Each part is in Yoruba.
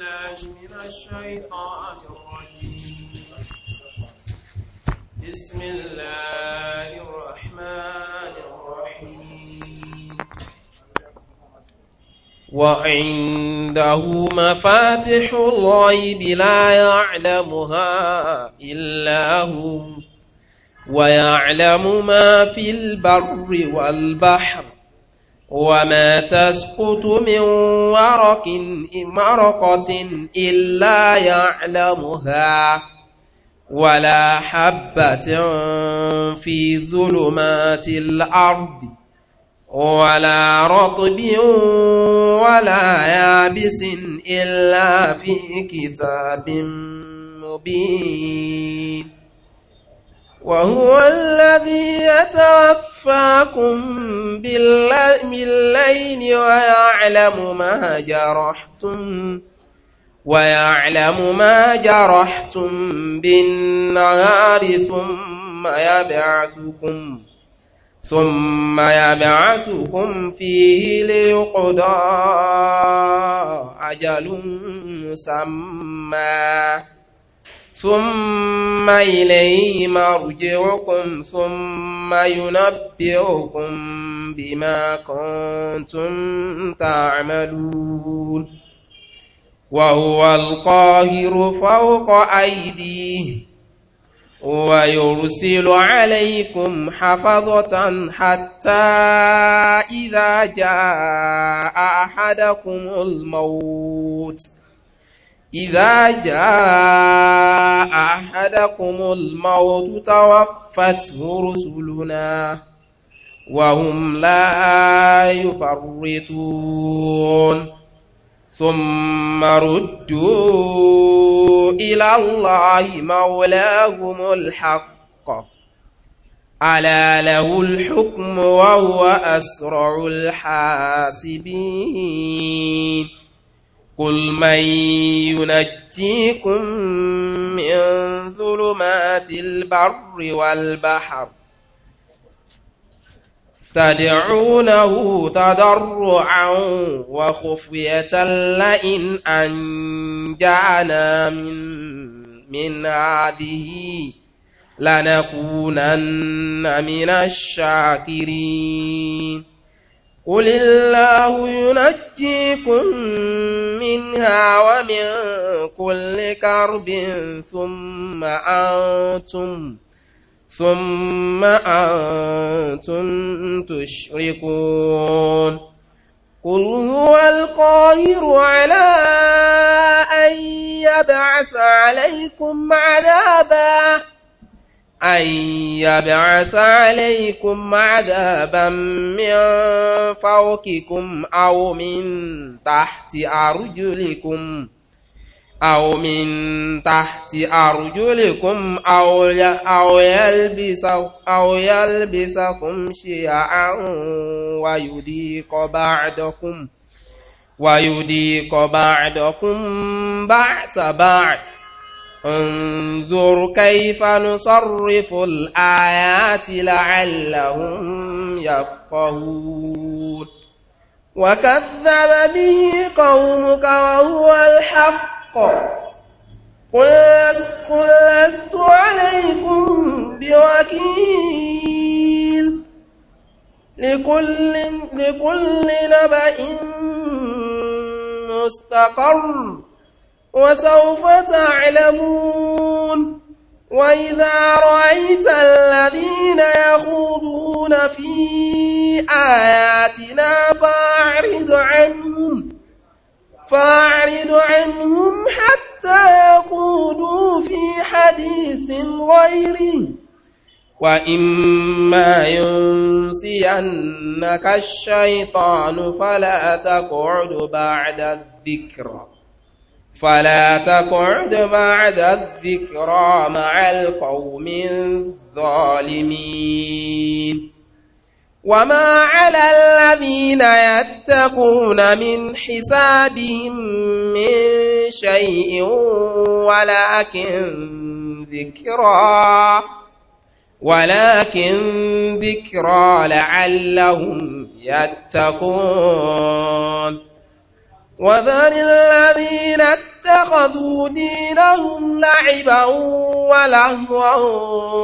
بالله من الشيطان الرجيم بسم الله الرحمن الرحيم وعنده مفاتح الغيب لا يعلمها إلا هو ويعلم ما في البر والبحر وما تسقط من ورق مرقة إلا يعلمها ولا حبة في ظلمات الأرض ولا رطب ولا يابس إلا في كتاب مبين وهو الذي يتوفى يتوفاكم بالليل ويعلم ما جرحتم ويعلم ما جرحتم بالنهار ثم يبعثكم ثم يبعثكم فيه ليقضى أجل مسمى ثم إليه مرجعكم ثم ينبئكم بما كنتم تعملون وهو القاهر فوق أيديه ويرسل عليكم حفظة حتى إذا جاء أحدكم الموت إذا جاء أحدكم الموت توفته رسلنا وهم لا يفرطون ثم ردوا إلى الله مولاهم الحق ألا له الحكم وهو أسرع الحاسبين قل من ينجيكم من ظلمات البر والبحر تدعونه تضرعا وخفية لئن أنجعنا من من هذه لنكونن من الشاكرين قل الله ينجيكم منها ومن كل كرب ثم أنتم ثم أنتم تشركون قل هو القاهر على أن يبعث عليكم عذاباً أن يبعث عليكم عذابا من فوقكم أو من تحت أرجلكم أو من تحت أرجلكم أو أو يلبس أو يلبسكم شيعا ويذيق بعدكم ويذيق بعدكم بأس بعد انظر كيف نصرف الآيات لعلهم يفقهون وكذب به قومك وهو الحق قل لست عليكم بوكيل لكل, لكل نبأ مستقر وسوف تعلمون وإذا رأيت الذين يخوضون في آياتنا فأعرض عنهم فأعرض عنهم حتى يخوضوا في حديث غيره وإما ينسينك الشيطان فلا تقعد بعد الذكر فلا تقعد بعد الذكرى مع القوم الظالمين وما على الذين يتقون من حسابهم من شيء ولكن ذكرى ولكن ذكرى لعلهم يتقون وذل الذين اتخذوا دينهم لعبا ولهوا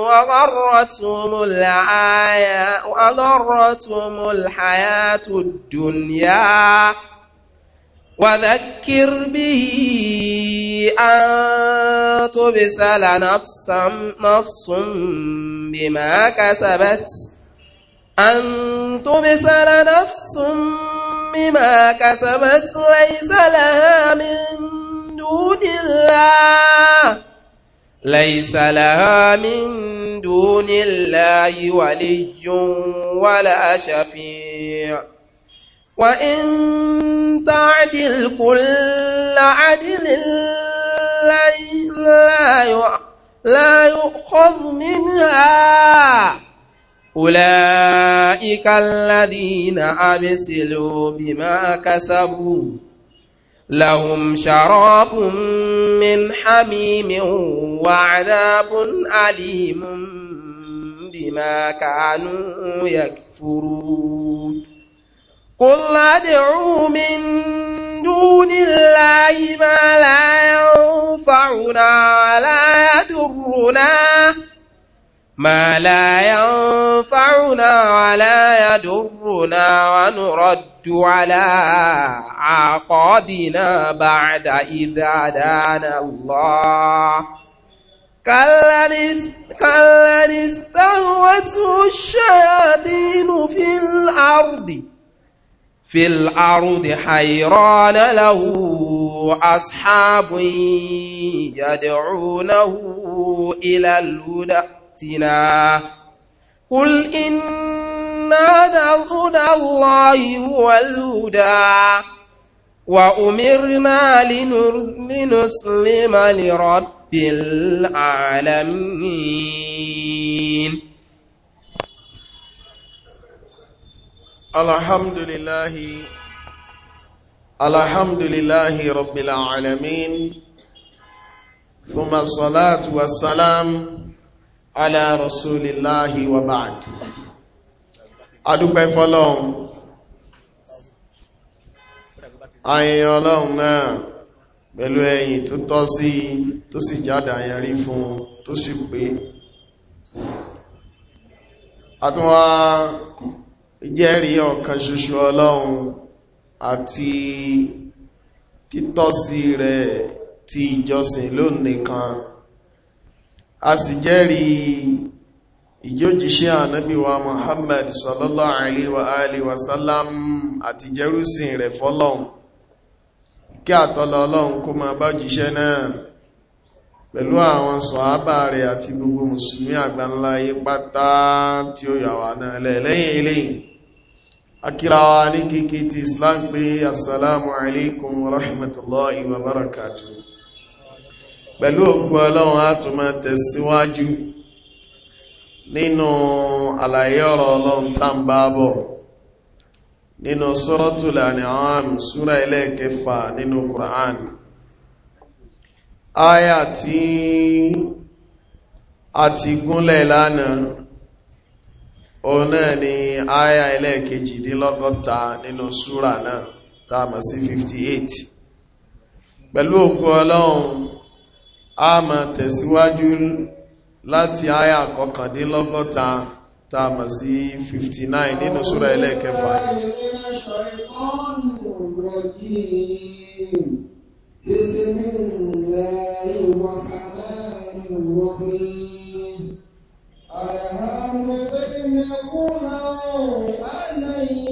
وغرتهم الحياة, وغرتهم الحياة الدنيا وذكر به أن تبسل نفسا نفس بما كسبت أن تبسل نفس بما كسبت ليس لها من دون الله ليس لها من دون الله ولي ولا شفيع وإن تعدل كل عدل لا يؤخذ منها أولئك الذين أبسلوا بما كسبوا لهم شراب من حميم وعذاب أليم بما كانوا يكفرون قل ادعوا من دون الله ما لا ينفعنا ولا يضرنا ما لا ينفعنا ولا يضرنا ونرد على عقابنا بعد إذا دانا الله كالذي استهوته الشياطين في الأرض في الأرض حيران له أصحاب يدعونه إلى الهدى تأتنا قل إنا هدى الله هو الهدى وأمرنا لنسلم لرب العالمين الحمد لله الحمد لله رب العالمين ثم الصلاة والسلام ala rasulillahi wa ba'd adúpẹ́ fọ́lọ́hun ayin ọlọ́hun náà pẹ̀lú ẹ̀yìn tó tọ́ sí tó sì jáde àyẹ̀rí fún tó sì pé àtúnwà jẹ́rí ọ̀kan ṣoṣo ọlọ́hun àti títọ́sí rẹ̀ ti ìjọsìn lónìkan a sì jẹ́rìí ìjójíṣẹ́ ànábíwa Muhammad sallallahu alaihi wa alihi wa sallam àti jẹ́rúsìn rẹ̀ fọ́lọ́un kí àtọ́lọ ọlọ́run kó máa bá jíṣẹ́ náà pẹ̀lú àwọn sọ̀hábà rẹ̀ àti gbogbo mùsùlùmí àgbáńláyé pátá tí ó yàwà náà lẹ́lẹ́yìn eléyìn akírawa ní kíkí ti Islam pé assalamu alaikum wa rahmatullahi pẹ̀lú ògùn ọlọ́run a tún máa tẹ̀síwájú nínú àlàyé ọ̀rọ̀ ọlọ́run tán bá bọ̀ nínú Suratul An'am súra ẹlẹ́ẹ̀kẹfà nínú Qur'an áyà tí a ti gúnlẹ̀ lánàá òun náà ni áyà ẹlẹ́ẹ̀kejìdínlọ́gọ́ta nínú súra náà tá sí 58 pẹ̀lú ògùn ọlọ́run a máa tẹ̀síwájú láti àyà kọkàndínlọ́gọ́ta tá a mọ̀ sí 59 nínú súra ẹlẹ́ẹ̀kẹfà ألهم بينكما وعليهم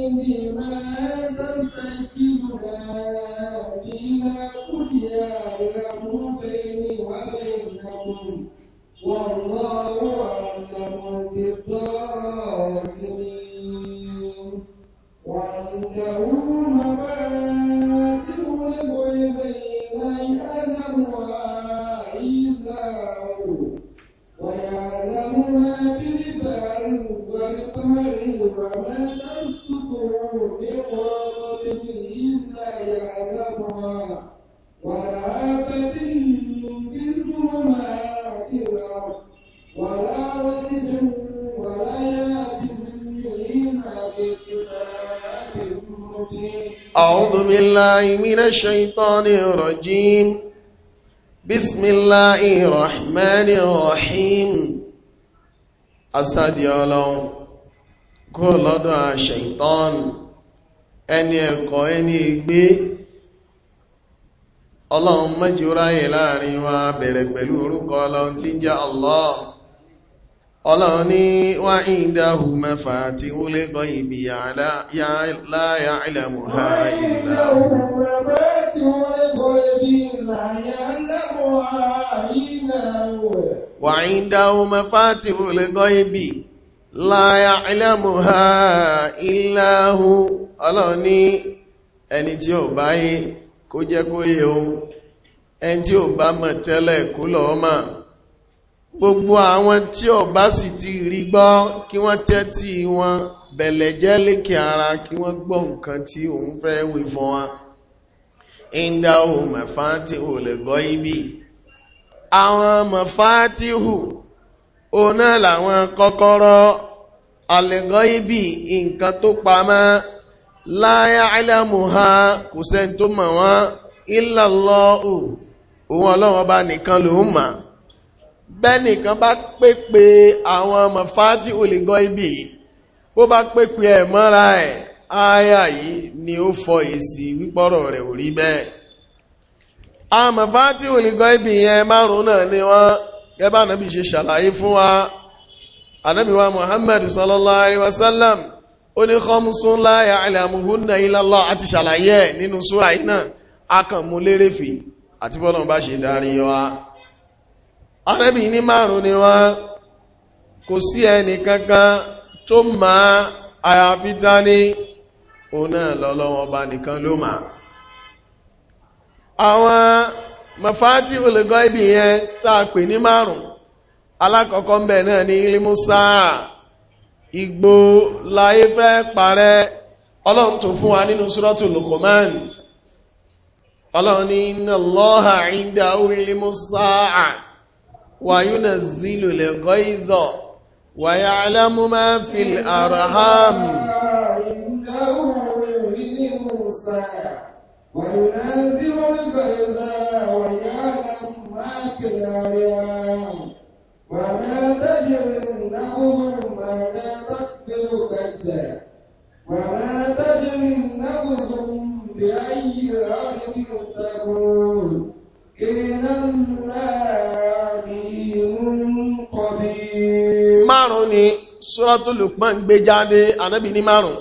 بالله من الشيطان الرجيم بسم الله الرحمن الرحيم asadi ọlọ́run kó lọ́dọ̀ àṣẹ̀ìtọ́n ẹni ẹ̀kọ́ ẹni ìgbé ọlọ́run mẹ́jọ ráyè láàrin wa bẹ̀rẹ̀ pẹ̀lú orúkọ ọlọ́run tí ń jẹ́ Allah ọlọ́run ní wá ìdáhù mẹ́fà tí ó lé gọ́ ìbí láyá ìlàmù ha ìdáhù mẹ́fà tí ó lé gọ́ ìbí láyá wà ìdáhù mẹ́fà tí ó lé gọ́ ìbí láyá ìlàmù ha ìdáhù ọlọ́run ní ẹni tí ó báyé kó jẹ́ kó yẹ ohun ẹni tí ó bá mọ̀ tẹ́lẹ̀ kú lọ́ọ́ gbogbo àwọn tí ò bá sì ti rí gbọ́ kí wọ́n tẹ́tí wọn bẹ̀lẹ̀jẹ́ lékè ara kí wọ́n gbọ́ nǹkan tí òun fẹ́ wí fún wọn ìndà ohun mẹ̀fà tí ò lè gọ́ ibi àwọn mẹ̀fà tí hù òun náà làwọn kọ́kọ́rọ́ àlẹ́gọ́ ibi nǹkan tó pamọ́ láyá alámùhá kò sẹ́ni tó mọ̀ wọ́n ìlàlọ́ọ̀ òun ọlọ́wọ́ bá nìkan lòún mọ̀ bẹ́nìkan bá pépè àwọn mọ̀fátí olègọ́ ibi ó bá pépè ẹ̀ mọ́ra ẹ̀ ááyà yìí ni ó fọ èsì wípọ́rọ̀ rẹ̀ ò rí bẹ́ẹ̀ àwọn mọ̀fátí olègọ́ ibi yẹn márùn-ún náà ni wọ́n gẹ́bà nàbí ṣe ṣàlàyé fún wa anábìwá Muhammad sallallahu alaihi wasallam ó ní khamsun la ya'lamuhunna illa Allah àti ṣàlàyé nínú súra iná akànmúlérèfì àti bọ́lọ̀ bá arẹ́bì ní márùn ni wá kò sí ẹni kankan tó ma àyàfi ní ọ̀nà lọ́lọ́wọ́ ọba nìkan ló àwọn mafati olùgọ́ ibi yẹn tàà ní márùn alákọ̀ọ́kọ́ ń bẹ̀ náà ní ilimusa igbó láyé fẹ́ parẹ́ ọlọ́run tó fún wa nínú suratu Luqman ọlọ́run ní ilimusa وينزل الغيظ ويعلم ما في الأرحام وينزل الغيظ ويعلم ما في الأرحام وما تجري النفس ماذا تكبر كدا وما تجري النفس بأي أرض تكون إن الله ni ṣúrọ́tù lùpán gbé jáde anábì ní márùn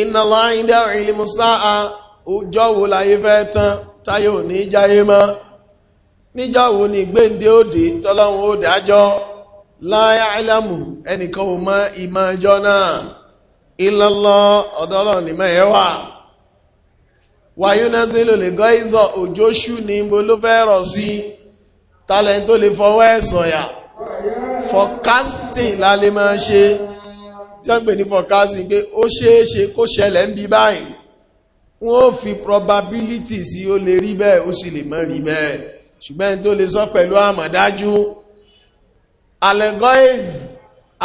iná láìdá ìlú sáà ọjọ́ wo láyé fẹ́ tán táyé ò ní jáyé mọ́ níjọ́ wo ni gbéǹde òdè tọ́lọ́run ó dájọ́ láyá ẹnìkan ò ìmọ̀ ẹjọ́ náà ìlọ́lọ́ ọ̀dọ́lọ́ sí lè gọ́ ìzọ̀ ní ibo ló fẹ́ rọ̀ sí talẹ̀ tó forecasting lálé máa ṣe tí wọ́n pè ní forecasting pé ó ṣeéṣe kó ṣẹlẹ̀ ń bí báyìí wọ́n ó fi probability sí ó lè rí bẹ́ẹ̀ ó sì lè má rí bẹ́ẹ̀ ṣùgbọ́n tó lè sọ pẹ̀lú àmọ̀dájú allegoism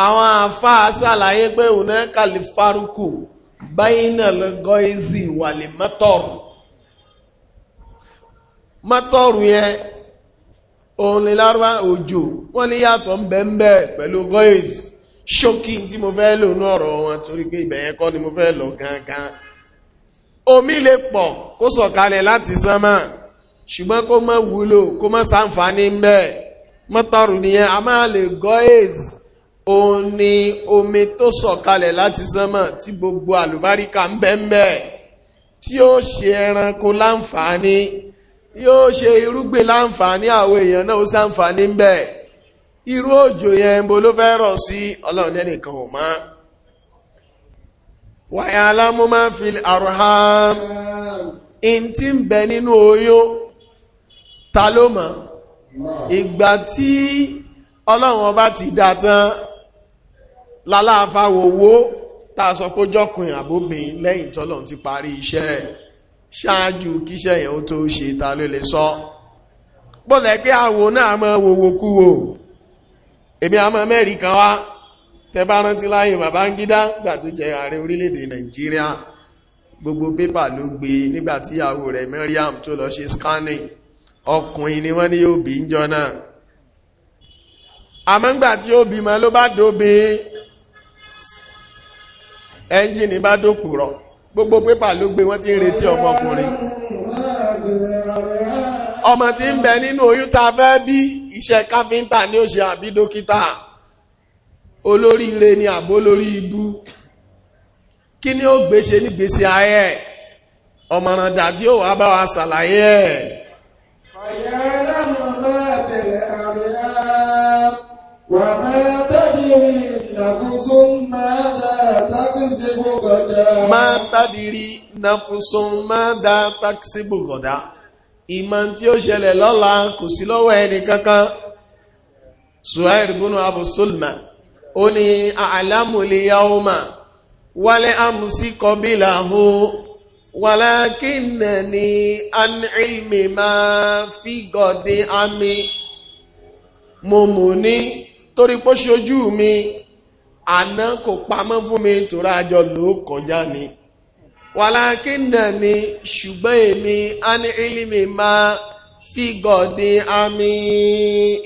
àwọn àfáà ṣàlàyé pé òun kàlífàrúkù báyínà allegoism wà lè mọ́tọ̀rù mọ́tọ̀rù yẹn òun lè lárúbá òjò wọ́n ní yàtọ̀ ń bẹ ń bẹ pẹ̀lú goyes ṣókí tí mo fẹ́ lò ní ọ̀rọ̀ wọn torí pé ìbẹ̀yẹn kọ́ ni mo fẹ́ lọ gangan omi lè pọ̀ kó sọ̀kalẹ̀ láti sánmà ṣùgbọ́n kó má wúlò kó má ṣàǹfààní ń bẹ mọ́tàrù nìyẹn a máa lè goyes òun ni omi tó sọ̀kalẹ̀ láti sánmà tí gbogbo àlùbáríkà ń bẹ ń bẹ tí ó ṣe ẹranko láǹfààní yóò ṣe irúgbìn láǹfààní àwọn èèyàn náà ó sáǹfààní ń bẹ̀ irú òjò yẹn bó ló fẹ́ rọ̀ sí ọlọ́run ẹnìkan ò má wàyà alámúmá fi arham in ti ń bẹ nínú oyún ta ló mọ̀ ìgbà tí ọlọ́run ọba ti dá tán lálàáfáwò sọ pé jọkùnrin àbóbìn lẹ́yìn tọ́lọ́run ti parí iṣẹ́ ẹ̀ ṣáájú kíṣẹ́ yẹn ó tó ṣe ta ló lè sọ bọ́lẹ̀ pé àwò náà mọ́ wòwò kú o èmi àmọ́ mẹ́rin kan wá tẹbá rántí láyé Babangida gbà tó jẹ ààrẹ orílẹ̀-èdè Nàìjíríà gbogbo pépà ló gbé e nígbàtí ìyàwó rẹ̀ Maryam tó lọ ṣe scanning ọkùnrin ni wọ́n ní yóò bí ń jọ náà àmọ́ ńgbà tí ó bímọ ló bá dóbe ẹ́ńjìnì bá dókùrọ̀ gbogbo pépà ló gbé wọ́n ti ń retí ọmọkùnrin ọmọ tí ń bẹ nínú oyún ta fẹ́ bí iṣẹ́ káfíńtà ni ó àbí dókítà olóríire ni àbó lórí ibú kí ni ó gbéṣe nígbésí ayé ọmọràndà tí ó wà bá wa ṣàlàyé ẹ̀ نفس ماذا تكسب غدا ما تدري نفس ماذا تكسب غدا ìmọ̀ tí ó ṣẹlẹ̀ lọ́la kò sí lọ́wọ́ ẹni kankan suhair bunu abu sulma ó ní àlámùlẹ̀ yaoma wálé amúsí kọbílà hó wàlákínà ní anìlmì máa fi gọ̀dín àmì mọ̀mù ní torí pọ́ mi àná kò pamọ́ fún mi torí àjọ ló kọjá ni wàlákí nà ni ṣùgbọ́n èmi á ní ìlímì máa fi gọ̀dín àmì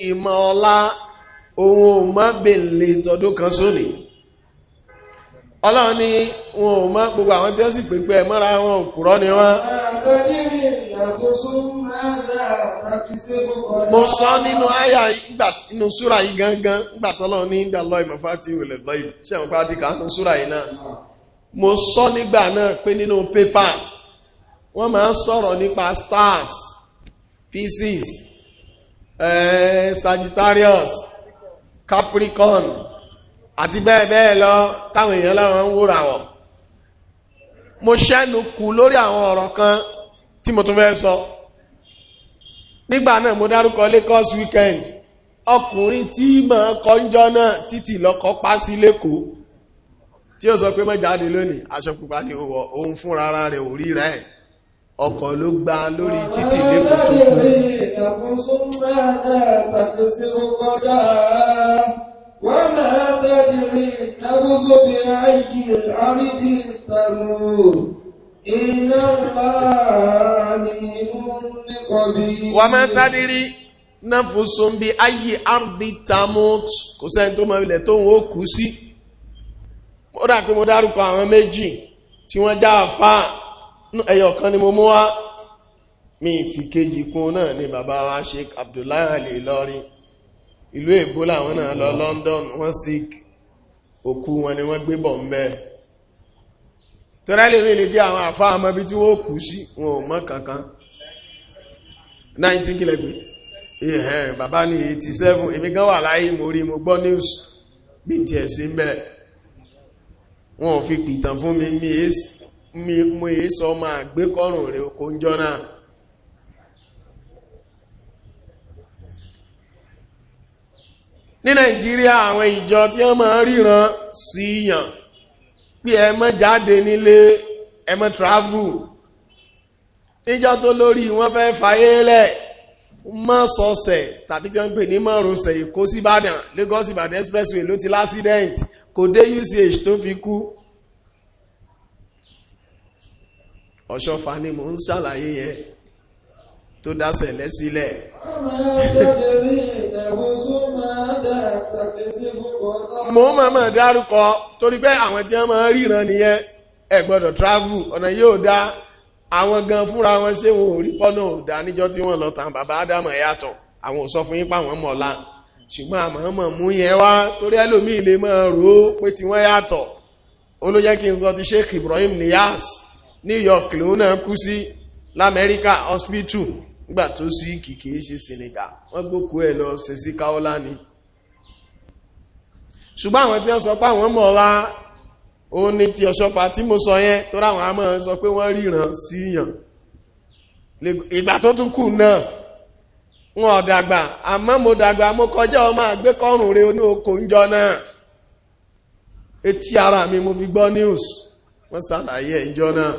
ìmọ̀ ọlá ohun ò tọdún kan sónìí ọlọ́run ni wọn ò mọ́ gbogbo àwọn tí ó sì pẹ̀pẹ̀ mọ́ra wọn òkúrọ́ ni wọ́n mo sọ nínú àyà inú súra yìí gangan gbàtọ́lọ́run ní ìdàlọ́ ìmọ̀fà tí ò lè lọ́yìn ṣe àwọn pàtí kàánú súra yìí náà mo sọ nígbà náà pé nínú pépà wọ́n máa ń sọ̀rọ̀ nípa stars pieces eh, Sagittarius Capricorn àti bẹ́ẹ̀ bẹ́ẹ̀ lọ táwọn èèyàn láwọn ń wúra wọ̀ mo ṣẹ́nu kù lórí àwọn ọ̀rọ̀ kan tí mo tún fẹ́ sọ nígbà náà mo dárúkọ Lagos weekend ọkùnrin tí mọ̀ kọjọ́ náà títì lọ́kọ́ pa sí lẹ́kọ̀ọ́ tí ó sọ pé má jáde lónìí aṣọ pupa ni ó wọ òun fún rárá rẹ̀ orí rẹ̀ ọkọ̀ ló gbá lórí títì lẹ́kọ̀ọ́ وما تدري نفس بأي الأرض تموت إن الله عليم قدير وما تدري نفس بأي أرض تموت kò sẹ́ni tó mọ ilẹ̀ tó ń ó kú sí mo dà pé mo dárúkọ àwọn méjì tí wọ́n já àfá ẹyọ kan ni mo mú wá mi fi kejì kún náà ni bàbá wa Sheikh Abdullahi Al-Ilory ìlú èbó làwọn náà lọ London wọ́n sick òkú wọn ni wọ́n gbé bọ̀ mẹ́ tọ́rẹ́lẹ̀ rìn ní bí àwọn àfá àmọ́ bí tí wọ́n kú sí wọn ò mọ̀ kankan 19 kìlẹ̀gbẹ̀ ẹ̀hẹ́ bàbá ní 87 èmi gan wà láyé mo rí mo gbọ́ news bí n tiẹ̀ sí mẹ́ wọn ò fi pìtàn fún mi mi èé sọ máa gbé kọrùn rẹ̀ okòó jọ náà ní Nigeria àwọn ìjọ tí wọ́n máa ríran sí yàn pé ẹ má jáde nílé ẹ má travel níjọ tó lórí wọ́n fẹ́ fàyé lẹ̀ mọ́ sọ́sẹ̀ tàbí tí wọ́n pè ní mọ́rọ̀sẹ̀ èkó síbàdàn Lagos Ìbàdàn expressway ló ti lásídẹ̀ǹt kò dé UCH tó fi kú ọ̀ṣọ́fà ni mò ń ṣàlàyé yẹn tó dásẹ̀ lẹ́sílẹ̀ mo máa máa dárúkọ torí pé àwọn tí wọ́n máa ríran nìyẹn ẹ gbọ́dọ̀ travel ọ̀nà yóò dá àwọn gan fúnra wọn ṣé wọn ò rí pọ́nà òdá níjọ́ tí wọ́n lọ tàn bàbá ádámọ̀ yàtọ̀ àwọn ò sọ fún yín pàwọn mọ̀lá ṣùgbọ́n àmọ́ mú yẹn wá torí ẹlòmíì lè máa rò ó pé tí wọ́n yàtọ̀ olóyẹ́ kí n sọ ti Sheikh Ibrahim Niyas New York lòun náà kú sí lamẹ́ríkà hospital nígbà tó sí kìkìí ṣe Senegal wọ́n gbókú ẹ̀ lọ sí sí káọ́lá ni ṣùgbọ́n àwọn tí wọ́n sọ pé àwọn mọ̀ọ́lá ó ní ti ọ̀ṣọ́fà tí mo sọ yẹn tó ráwọn àmọ́ sọ pé wọ́n ríran sí yàn ìgbà tó tún kù náà wọn ò àmọ́ mo dàgbà mo kọjá ọmọ àgbékọ́rùn rẹ oní oko ń jọ náà etí ara mi mo fi gbọ́ news wọ́n ṣàlàyé ìjọ náà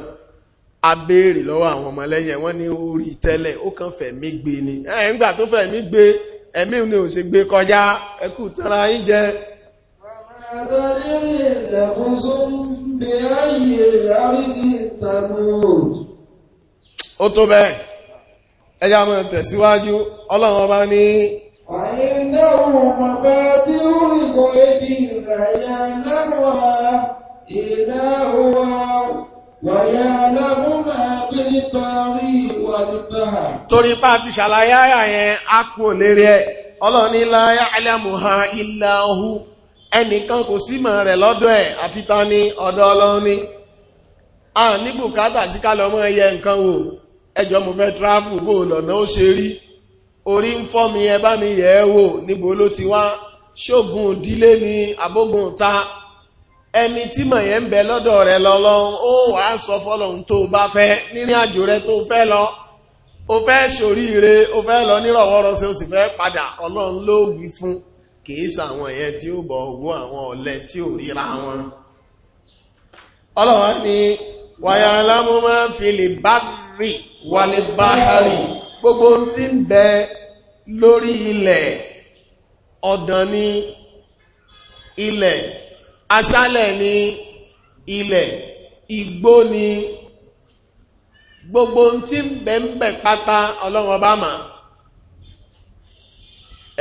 a béèrè lọ́wọ́ àwọn ọmọlẹ́yìn wọ́n ní orí tẹ́lẹ̀ ó kàn fẹ̀mí gbé ni ẹ̀ǹgbà tó fẹ̀mí gbé ẹ̀mí ni ò sì gbé kọjá ẹkù tara yín jẹ ó tó bẹ́ẹ̀ ẹjá mọ̀ tẹ̀síwájú ọlọ́run ọba ní torí pa ti ṣàlàyé àyà yẹn a kò lérí ẹ ọlọ́ni láyá alámùhá ilá ọhú ẹnìkan kò símọ̀ rẹ̀ lọ́dọ̀ ẹ̀ àfitán ní ọ̀dọ̀ ọlọ́ni a ní bùkátà sí kálọ̀ mọ́ ẹyẹ nǹkan wò ẹjọ́ mo fẹ́ tráfù bó lọ̀nà ẹni tí mọ̀yẹ́ ń bẹ lọ́dọ̀ rẹ lọ́lọ́run ó wà sọ fọ́lọ́run tó bá fẹ́ nírìn àjò rẹ tó fẹ́ lọ ó fẹ́ ṣoríire ó fẹ́ lọ nírọ̀wọ́rọsẹ̀ ó sì fẹ́ padà ọlọ́run ló wí fún kìí sàwọn ẹ̀yẹ tí ó bọ̀ ogún àwọn ọ̀lẹ tí ò ríra wọn ọlọ́wọ́ ni wàyà alámúmọ́ fi lè bá rí wà bá rí gbogbo tí ń bẹ lórí ilẹ̀ ọ̀dàn ni ilẹ̀ aṣálẹ̀ ni ilẹ̀ igbó ni gbogbo tí ń bẹ̀ ń bẹ̀ pátá ọlọ́run ọba mà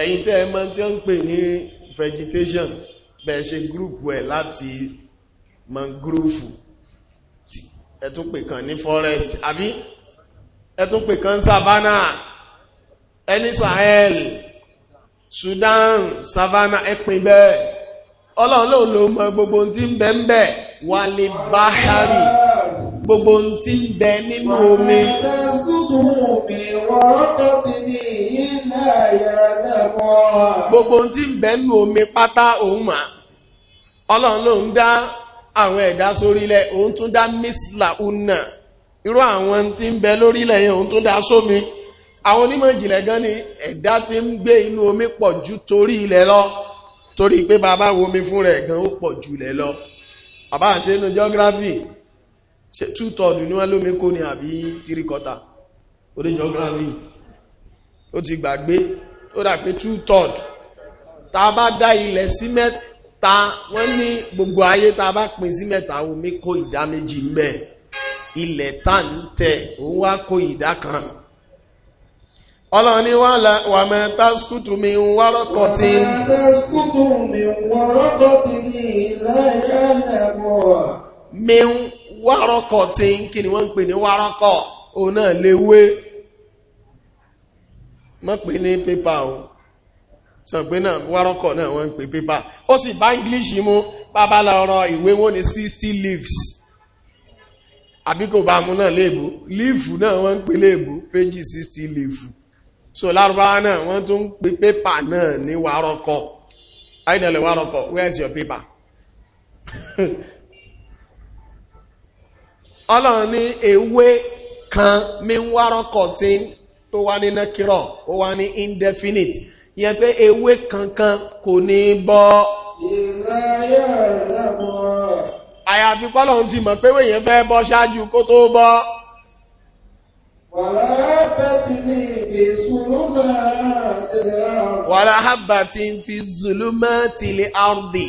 ẹ̀yin tẹ́ ẹ mọ̀ tí ó ń pè ní vegetation bẹ́ẹ̀ ṣe gúrùpù ẹ̀ láti mangrove ẹ̀tún pè kan ní forest àbí ẹ̀tún pè kan savannah ẹni sahel sudan savannah ẹ̀pìn bẹ́ẹ̀ ọlọ́run lóun ló mọ gbogbo tí ń bẹ ń bẹ wà lè bá hárì gbogbo tí ń bẹ nínú omi gbogbo tí ń bẹ nínú omi pátá òun mà ọlọ́run lóun dá àwọn ẹ̀dá sórílẹ̀ òun tún dá mísìlà una irú àwọn tí ń bẹ lórílẹ̀ yẹn òun tún dá sómi àwọn onímọ̀ ìjìnlẹ̀ gan ni ẹ̀dá tí ń gbé inú omi pọ̀ ju torí ilẹ̀ lọ torí pé bàbá womi fún rẹ̀ gan ó pọ̀ jùlẹ̀ lọ bàbá ṣe inú geography ṣe tútọ̀dù ní wọ́n lómi kó ní àbí tíríkọta orí geography ó ti gbàgbé ó dà pé tútọ̀dù ta bá dá ilẹ̀ sí mẹ́ta wọ́n ní gbogbo ayé ta bá pín sí mẹ́ta omi kó ìdá méjì mẹ́ ilẹ̀ tá ń tẹ̀ òun wá kó ìdá kan ọlọ́ni wà mẹ́ tásùkùtù mi ń wárọ́kọ̀ tí ń mi ń wárọ́kọ̀ tí ń kí ni wọ́n ń pè ní wárọ́kọ̀ o náà léwé mọ́ pè ní pépà o sọ pé náà wárọ́kọ̀ náà wọ́n ń pè pépà ó sì bá English mú bàbá lọ́rọ̀ ìwé wọ́n ní 60 leaves àbíkò bá mú náà léèbù lífù náà wọ́n ń pè léèbù péjì 60 leaves so lárúbáwá náà wọ́n tún pè pépà náà ní wárọ́kọ àìdẹ̀lẹ̀ wárọ́kọ where's your paper ọlọ́run ní ewé kan mi ń wárọ́kọ tí tó wá ní nákírọ̀ ó wá ní indefinite yẹn pé ewé kankan kò ní bọ́ àyàfi pọ́lọ̀ ti mọ̀ pé wèyẹn fẹ́ bọ́ ṣáájú kó tó bọ́ Wàlá bẹ́tì ní ìsúlùmọ̀ tẹ̀lé àrùn. Wàlá hábà ti ń fi zùlùmọ̀ tẹ̀lé àrùndì.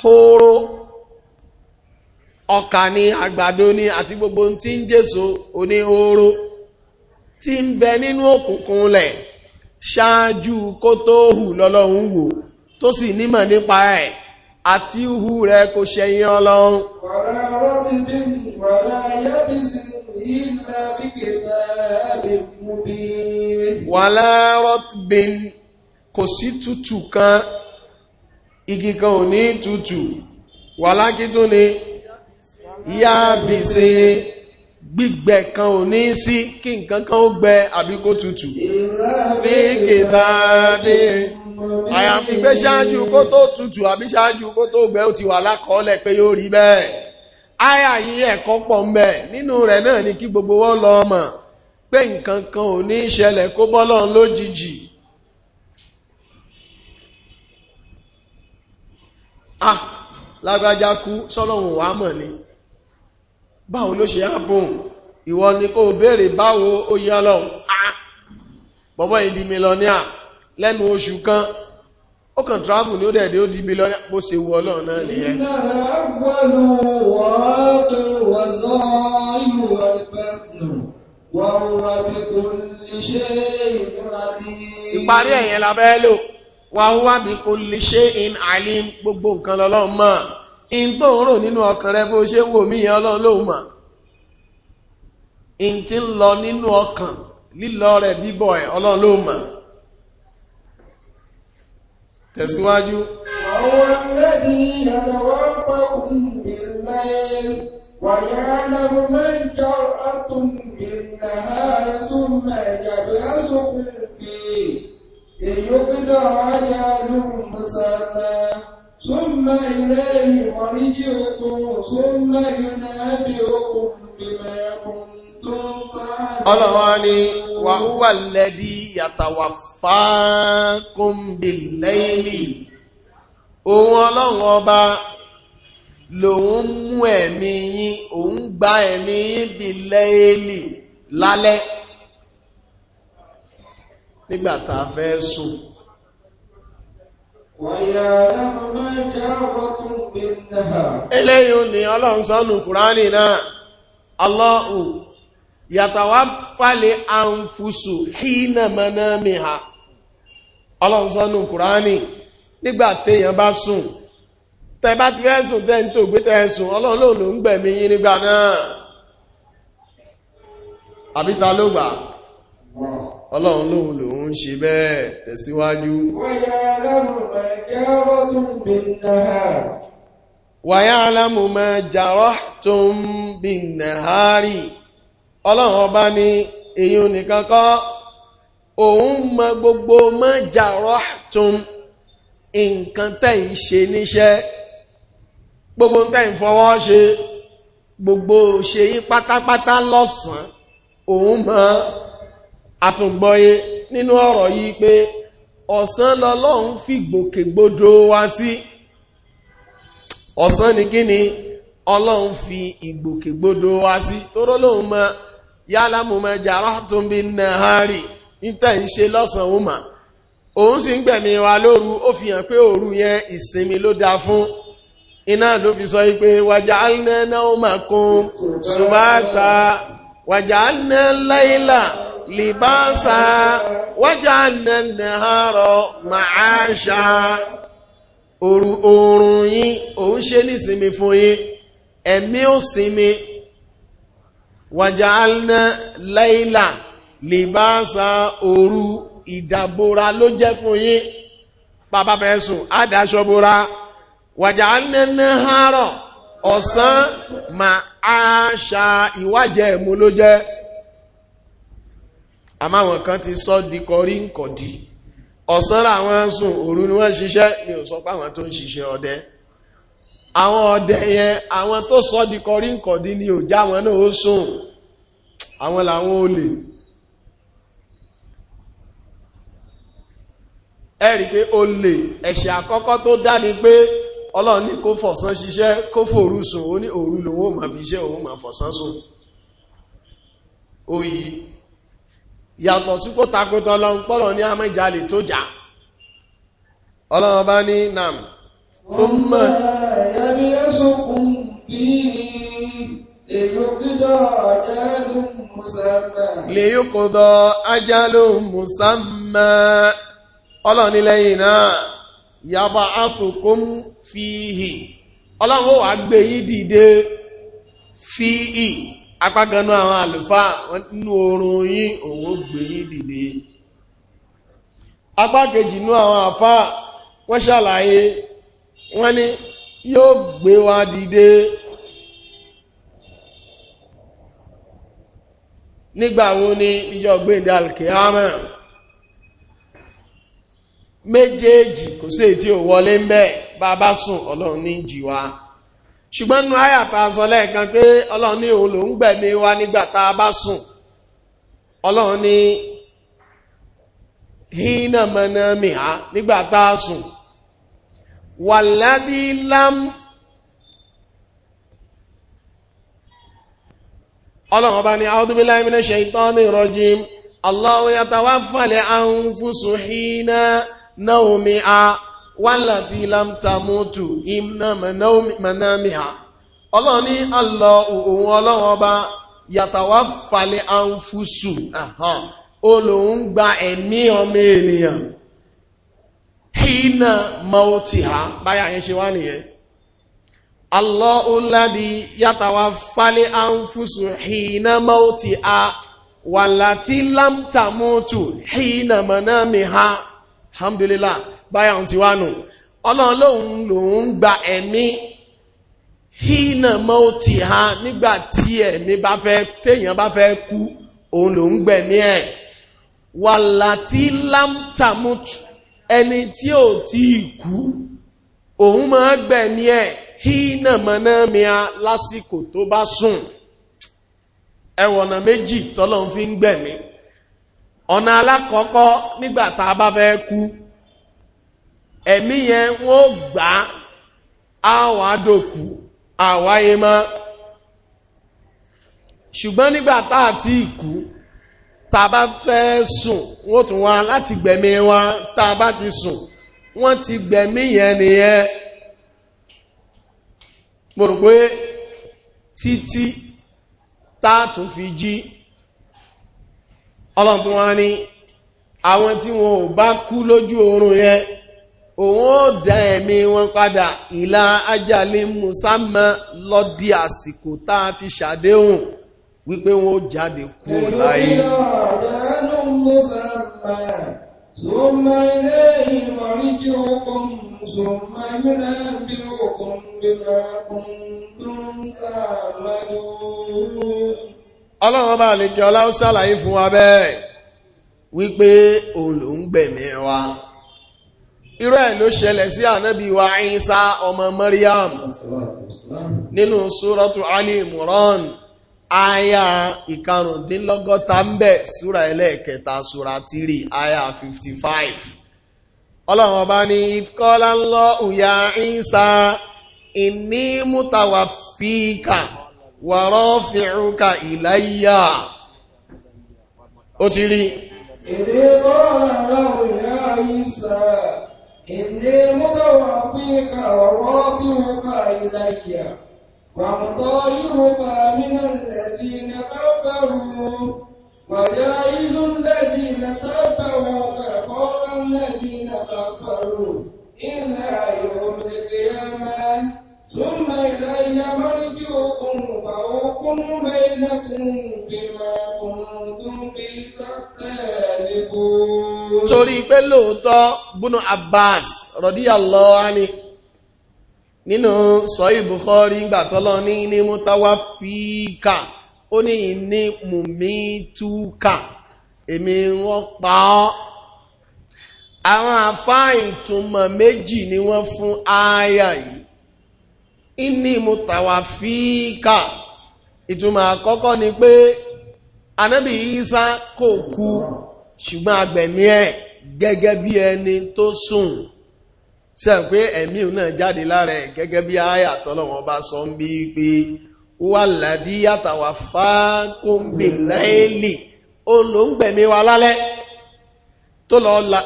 Hóró ọkà ni àgbàdo ni àti gbogbo tí ń jésò oníhóró tí ń bẹ nínú òkùnkùn lẹ̀ ṣáájú kó tó hù lọ́lọ́run wò tó sì nímọ̀ nípa ẹ̀ àti hù rẹ̀ kò ṣẹ̀yìn ọlọ́run. Wàlá rọ́bì bí wàlá yẹ́bí sí إلا بكتاب مبين ولا رطب kò sí tútù kan igi kan ò ní tútù wà lákí tó ní yábìsí gbígbẹ kan ò ní sí kí nǹkan kan ó gbẹ àbí kó tútù bí àyàfi pé ṣáájú kó tó tútù àbí ṣáájú kó tó gbẹ ó ti wà lákọọ́lẹ̀ pé yóò rí bẹ́ẹ̀ àyà yìí ẹ̀kọ́ pọ̀ ń bẹ nínú rẹ̀ náà ni kí gbogbo wọn lọ mọ̀ pé nǹkan kan ò ní ṣẹlẹ̀ kó bọ́lọ́run lójijì ah lágbájá kú sọ́lọ́run wàá mọ̀ ni báwo ló ṣe ápùn ìwọ ni kó béèrè báwo ó yá lọ ah bọ́bọ́ ìdí mílọ́níà lẹ́nu oṣù kan ó kàn travel ní ó dẹ̀dẹ̀ ó di bó ṣe wọ ọlọ́run náà nìyẹn wà wà kò lè ṣe in gbogbo nǹkan lọ́lọ́run in tó ń rò nínú ọkàn rẹ bó ṣe wò mí ọlọ́run in ti lọ nínú ọkàn lílọ tẹ̀síwájú ويعلم من جرأتم بالنهار ثم يبلسكم فيه ليقضى أجل مسمى ثم إليه مرجعكم ثم ينبئكم بما كنتم ọlọ́wọ́ ni wà lẹ́dí yàtàwà fákúnbì lẹ́yìnlì ọlọ́run ọba lòun mú ẹ̀mí yín òun gba ẹ̀mí yín bí lẹ́yìnlì lálẹ́ nígbàtà fẹ́ sùn eléyìí ni ọlọ́run sọ́nù kùránì náà yàtàwáfàlẹ̀ àǹfùsù hìnà manamiha ọlọ́nsọ́nù kùránì nígbà téèyàn bá sùn tẹ́ bá ti fẹ́ sùn tẹ́ ń tó gbé tẹ́ sùn ọlọ́run ló ń gbẹ̀mí yín nígbà náà àbíta ló gbà ọlọ́run lóhun lòun ń ṣe bẹ́ẹ̀ tẹ̀síwájú wàyá alámù jàrọ́ tó ń bí nàárì ọlọ́run ọba ní èyí nìkan kọ́ òun mọ gbogbo mọ́jàrọ́ tún nǹkan tẹ́ ń ṣe níṣẹ́ gbogbo tẹ́ ń fọwọ́ ṣe gbogbo ṣe yí pátápátá lọ́sàn òun mọ́ àtúgbọ́yé nínú ọ̀rọ̀ yìí pé ọ̀sán lọ́lọ́run fi gbòkègbodò wá sí ọ̀sán ni kí ni ọlọ́run fi ìgbòkègbodò wá sí tóró lóun mọ́ yálàmù ma jarahtum bin nahari níta ń ṣe lọ́sàn ó mà òun sì ń gbẹ̀mí wa lóru ó fi hàn pé òru yẹn ìsinmi ló dáa fún iná ló fi sọ pé waja'alna nawmakum subata waja'alna layla libasa waja'alna nahara ma'asha òru oorun yín òun ṣe nísinmi fún yín ẹ̀mí ò sinmi wàjáàlá láìlà lìbáṣà òru ìdàbòrà ló jẹ́ fún yín bàbá fẹ́ sùn àdáṣọ́bòrà wàjáàlá náhárọ̀ ọ̀sán ma àṣà ìwájẹ̀ ẹ̀mú ló jẹ́ àmáwọn kan ti sọ di kọrí nkọ̀dí ọ̀sán làwọn sùn òru ni wọ́n ṣiṣẹ́ ni ò sọ pé tó ń ṣiṣẹ́ ọdẹ àwọn ọdẹ yẹn àwọn tó sọ di kọrí nkọ̀dí ni ò já wọn náà ó sùn àwọn làwọn olè ẹ̀rí pé olè ẹ̀ṣẹ̀ àkọ́kọ́ tó dá ni pé ọlọ́run ní kó fọ̀sán ṣiṣẹ́ kó fòru sùn ó ní òru lòun ó máa fi iṣẹ́ òun máa fọ̀sán sùn òyì yàtọ̀ sí kó takótọ́ lọ́n pọ́lọ̀ ní àmẹ́jalè tó jà ọlọ́run bá ní nam ثم يبيسكم به ليقضى أجل مسمى ليقضى أجل مسمى ọlọ́ni lẹ́yìn náà yàbá áfùkún fíhì ọlọ́run ó wà gbé dìde àwọn nínú oorun òun gbé dìde àwọn wọ́n ṣàlàyé wọ́n ni yóò gbé wa dìde nígbà wo ni ìjọ gbéǹde alkiyama méjèèjì kò sí èyí tí ò wọlé ń bẹ bá bá sùn ọlọ́run ní jì wá ṣùgbọ́n nínú àyàtà sọ lẹ́ẹ̀kan pé ọlọ́run ní òun ló gbẹ̀mí wa nígbà tá a bá sùn ọlọ́run ní hínà mọ́nà nígbà tá a sùn wàládí lám ọlọ́run ọba ni a'udhu billahi minash shaitanir rajim Allahu yatawaffal anfusu hina nawmiha wàládí lám tamutu imna manamiha ọlọ́run ní Allahu òun ọlọ́run ọba yatawaffal anfusu olóhun gba ẹ̀mí ọmọ ènìyàn hínà mọ́tíhá báyà yẹn ṣe wá nìyẹn allọ́ọ̀ládì yàtàwà falẹ̀ àǹfùsù hínà mọ́tíhá wà láti lámtàmótù hínà mọ̀námihá alhamdulillah báyà ti wá nù ọlọ́ọ̀lọ́hun lòun gba ẹ̀mí hínà mọ́tíhá nígbà tí ẹ̀mí bá fẹ́ téèyàn bá fẹ́ kú òun lòun gbẹ̀mí ẹ̀ wà láti lámtàmótù ẹni tí ò tí ìkú òun máa gbẹ̀mí ẹ̀ hínà mọ̀nàmíà lásìkò tó bá sùn ẹwọ̀nà méjì tọ́lọ́n fi ń gbẹ̀mí ọ̀nà alákọ̀ọ́kọ́ nígbàtà bá fẹ́ kú ẹ̀mí yẹn wọ́n gbà áwà àwáyé mọ́ ṣùgbọ́n nígbàtà àti ìkú tá a bá fẹ́ sùn wọ́n tún wá láti gbẹ̀mí wa tá a bá ti sùn wọ́n ti gbẹ̀mí yẹn nìyẹn mo rò pé títí táàtù fi jí ọlọ́run tún wá ní àwọn tí wọn ò bá kú lójú oorun yẹn òun ó dá ẹ̀mí wọn padà ìlà ajalè musamman lọ àsìkò tá a ti ṣàdéhùn wípé wọ́n jáde kúrò láyé ثم إليه مرجعكم ثم ينبئكم بما كنتم تعملون Ọlọ́run bá lè jọ láó ṣàlàyé fún wa bẹ́ẹ̀ wípé olùgbẹ̀mí wa. Irú ẹ̀ ló ṣẹlẹ̀ sí ànábì wa Ìsá ọmọ Maryam nínú Súrọ́tù Ali aya ìkarùndínlọ́gọ́ta ń sura súra ẹlẹ́ẹ̀kẹta sura tírì aya 55 ọlọ́run ọba ní ìkọ́lá ńlọ òyà ìsà ìní mútawà fíkà wọ̀rọ̀ fìrúkà ìláyà ó ti rí ìní mútawà òyà ìsà ìní mútawà fíkà wọ̀rọ̀ fìrúkà ìláyà ومطايرها من الذين كفروا وجائز الذين كفروا كقول الذين كفروا إلى يوم القيامة ثم إلي مرجعكم فأحكم بينكم بما كنتم به تختلفون. torí pé lóòótọ́ bùnú Abbas rọ̀díyàlọ́ ánì nínú sọ́yí bukhari ń gbàtọ́lọ́ ní ní mútawà fíkà ó ní ní mùmí túkà èmi wọ́n pa ọ́ àwọn àfá ìtumọ̀ méjì ni wọ́n fún ááyà yìí ìní mútawà fíkà ìtumọ̀ àkọ́kọ́ ni pé anábì isa kò kú ṣùgbọ́n agbẹ̀mí ẹ̀ gẹ́gẹ́ bí ẹni tó sùn ṣe ń pé ẹ̀mí náà jáde lára ẹ̀ gẹ́gẹ́ bí àyà tọ́lọ́wọ́n bá sọ ń bí pé wà ládí yàtàwà fákóńgbè láìlì ó ló ń gbẹ̀mí wa lálẹ́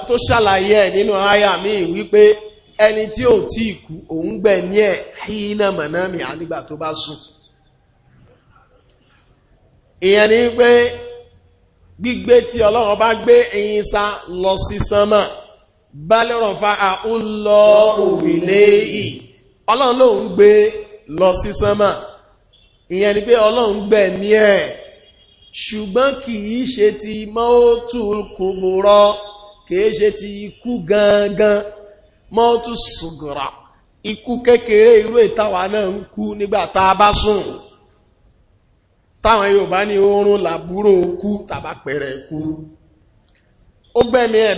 tó ṣàlàyé ẹ̀ nínú àyà míì wípé ẹni tí ò tí ìkú òun gbẹ̀mí ẹ̀ hínà mọ̀nàmì ànígbà tó bá sùn ìyẹn ni pé gbígbé tí ọlọ́run bá gbé ìyínsá lọ sí sánmà bálẹ́rọ̀ fa àúlọ òrìlé ì ọlọ́run ló ń gbé lọ sí sánmà ìyẹn ni pé ọlọ́run gbẹ̀ ní ẹ̀ ṣùgbọ́n kì ṣe ti kìí ṣe ti ikú gangan ikú kékeré irú ìtawà náà ń nígbà tá a bá ní oorun làbúrò kú tàbá pẹ̀rẹ̀ kú ó gbẹ̀mí ẹ̀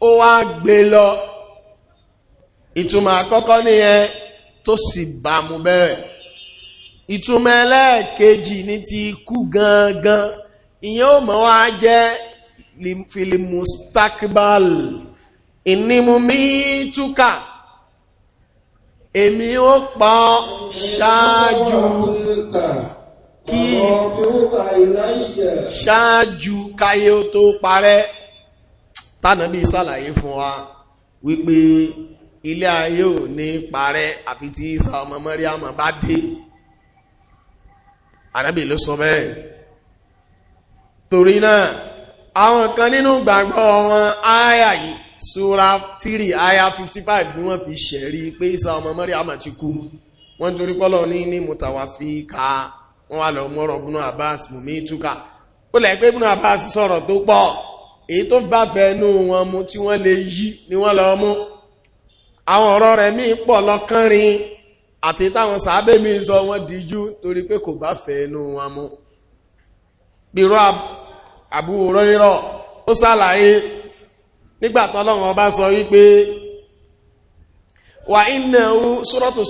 ó wá gbé lọ ìtumọ̀ àkọ́kọ́ nìyẹn tó sì bá mú bẹ́ẹ̀ ìtumọ̀ ẹlẹ́ẹ̀kejì ní ti ikú gangan ìyẹn ò mọ̀ wá jẹ́ filimustakbal ìnímúmítúkà èmi ó pa ṣáájú kí ṣáájú káyé ó tó parẹ́ tánàbí sàlàyé fún wa wípé ilé ayé ò ní parẹ́ àfi tí Ìsá ọmọ Màríámà bá dé ànábì ló sọ bẹ́ẹ̀ torí náà àwọn kan nínú gbàgbọ́ wọn áyà yìí súra 3 áyà 55 bí wọ́n fi ṣẹ̀rí pé Ìsá ọmọ Màríámà ti kú wọ́n torí pọ́lọ̀ ní ní mutawafika wọ́n wà lọ mọ́rọ̀ búnú Abbas mùmí túkà ó lẹ́ pé búnú Abbas sọ̀rọ̀ tó pọ̀ èyí tó bá fẹ́ẹ̀nú wọn mú tí wọ́n lè yí ni wọ́n lọ mú àwọn ọ̀rọ̀ rẹ̀ mí pọ̀ lọ́kànrin àti táwọn sàábé mi sọ wọ́n díjú torí pé kò bá fẹ́ẹ̀nú wọn mú bíró àbúrò rírọ̀ ó sàlàyé nígbàtọ́lọ́wọ́n ọba sọ wípé wà inú suratu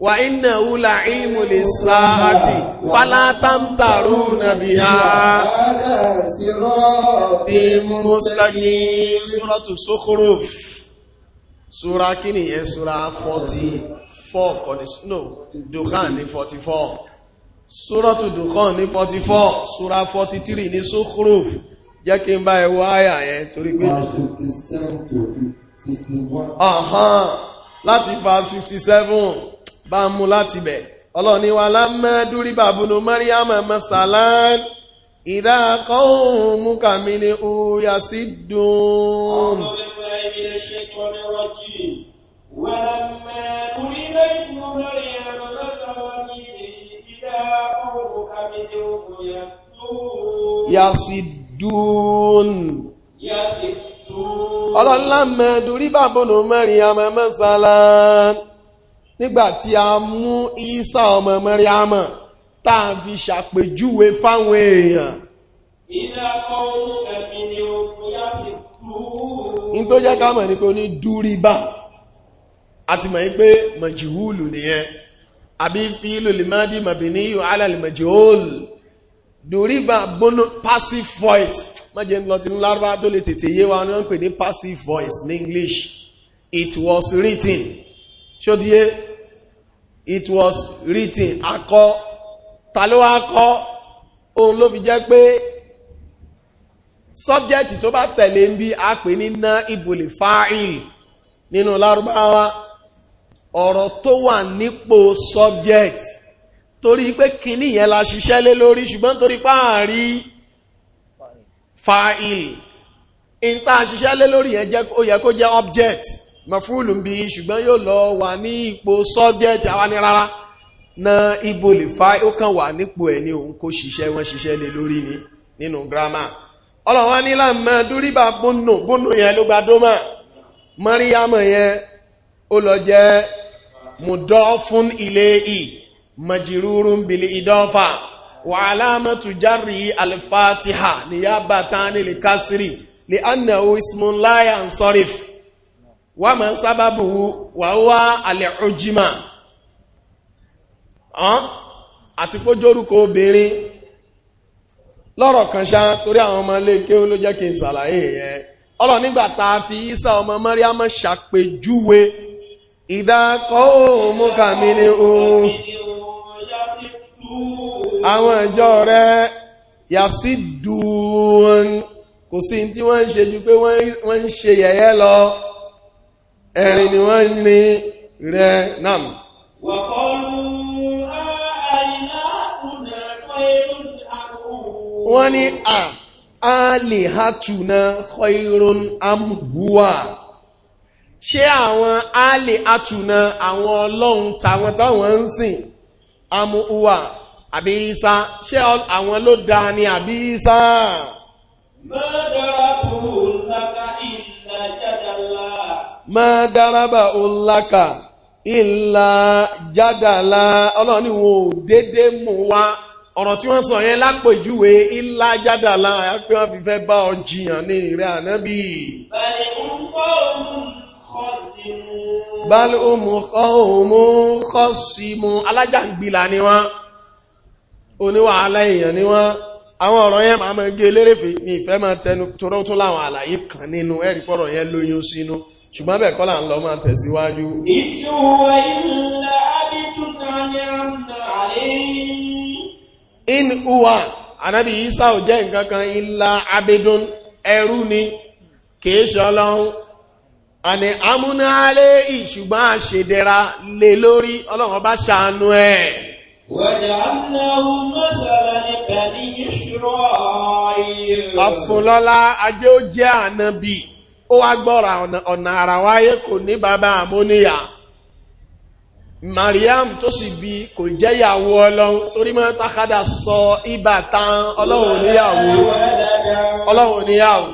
wà iná wúlà ìmú lè sáàtì fálátàmtàrú nàbí ha tí mọ́sílági ṣúrọ́tù sókòrò ṣúra kí ni yẹ ṣúra 44 kọ̀dí no dùkán ní 44 ṣúrọ́tù dùkán ní 44 ṣúra 43 ní sókòrò jẹ́ kí n bá ẹwọ́ àyà yẹn torí pé láti verse 57 bá mú láti bẹ̀ ọlọ́ni wà lámẹ́ dúrí bàbúnú mariama masalan ìdá kọ́hùn mú kàmílì òyà sí dùn ولما ضرب ابن مريم مثلا إذا قومك منه يصدون يصدون ọlọ́lámẹ́dùrí bàbọ̀nù mẹ́rin amẹ́mẹ́sàlá nígbàtí a mú Isa ọmọ Màríámà tá a fi ṣàpèjúwe fáwọn èèyàn. ìdákọ̀ ohun ẹ̀mí ni ogun yáṣì dúró. in tó jẹ́ ká mọ̀ ní pé ó ní dúríbà àti mọ̀ pé mọ̀jìwúlù nìyẹn àbí fílù lèmọ́dí mọ̀bìní yóò alàlè mọ̀jìwúlù dúríbà bónú passive voice mọ́jẹ́ ń lọ tinú lárúbá tó lè tètè yé wa wọ́n ń pè ní passive voice ní English it was written ṣó ti yé it was written akọ ta ló wá kọ òun ló fi jẹ́ pé subject tó bá tẹ̀lé ń bí a pè ní ná ibùlì fáìl nínú lárúbáwá ọ̀rọ̀ tó wà nípò subject torí pé kìíní yẹn la ṣiṣẹ́ lé lórí ṣùgbọ́n torí páàrí fáìl in tá a ṣiṣẹ́ lé lórí yẹn ó yẹ kó jẹ́ object mafúlù ń bí ṣùgbọ́n yóò lọ wà ní ipò sọ́jẹ́tì àwa ní na ibo lè fa ó kàn wà nípò ẹ̀ ní òun kó ṣiṣẹ́ wọ́n ṣiṣẹ́ lé lórí ni nínú gírámà ọlọ́wọ́n ní láàmà dúríbà bónú bónú yẹn ló gba dómà mọ́ríyámọ̀ yẹn ó lọ jẹ́ mùdọ́ fún ilé ì mọ̀jìrúurú ń bìlì ìdọ́fà wàhálà mọ́tùjárì alifatiha níyàbàtà nílì kásírì lè anna ismun láyà ń sọ́rìfù wà mọ̀ sábàbù wà wá alẹ̀ ojima àti pójórúkọ obìnrin lọ́rọ̀ kan ṣá torí àwọn ọmọ ilé kí ó ló jẹ́ kí n sàlàyé yẹn ọlọ́ nígbàtà fi Ìsá ọmọ mọ́ríámọ́ ṣàpèjúwe ìdákọ́ òun mú kàmí ní ohun àwọn ìjọ rẹ̀ yàsí dùn kò sí ju pé wọ́n ń ṣe yẹ̀yẹ́ lọ ẹ̀rìn ni wọ́n ní rẹ̀ náà wọ́n ní à alihatuna khairun amhuwa ṣé àwọn alihatuna àwọn ọlọ́run tàwọn táwọn ń sìn amhuwa àbí isa ṣé àwọn ló dáa ni àbí isa mọ́dára kò ma daraba ulaka illa jadala ọlọ́run ni wọn ò dédé mú wá ọ̀rọ̀ tí wọ́n sọ yẹn lápò ìjúwe illa jadala àyàpé wọ́n fi fẹ́ bá ọ jiyàn ní ìrẹ́ ànábì bal hum qawmun khasimun alájàngbìlà ni wọ́n oníwàhálà èèyàn ni wọ́n àwọn ọ̀rọ̀ yẹn máa mọ́ gé lérèfé ní ìfẹ́ máa tẹnu torọ́ tún láwọn àlàyé kan nínú ẹ̀rí pọ̀rọ̀ yẹn lóyún sínú ṣùgbọ́n bẹ́ẹ̀ kọ́lá ń lọ máa tẹ̀síwájú in uwa anábi isa ò jẹ́ nǹkankan ilá abidun ẹrú ni kìí ṣọ́lọ́un àni amúnáálé ìṣùgbọ́n àṣèdẹ̀ra lè lórí ọlọ́run bá ṣàánú ẹ̀ wọ́n jẹ́ ó wá gbọ́ra ọ̀nà ara wáyé kò ní bàbá àmóníyà mariam tó sì bi kò jẹ́yàwó ọlọ́run torí mọ́ sọ ibà tán ọlọ́run oníyàwó ọlọ́run oníyàwó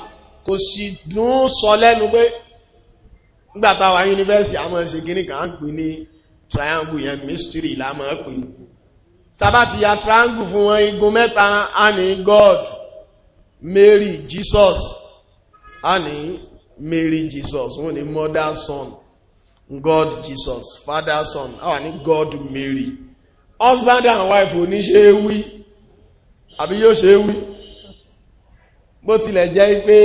kò sì dún sọ lẹ́nu pé nígbàtà wà yúnivẹ́sì àmọ́ ẹ̀sì gíní kà pè ní triangle yẹn mystery lámọ́ pè tàbá ti ya triangle fún wọn igun mẹ́ta a ní god mary jesus a ní Mary Jesus wọ́n ní mother son God Jesus father son àwọn ní God Mary husband and wife ò ní ṣe é wí àbí yóò ṣe é wí bó tilẹ̀ jẹ́ pé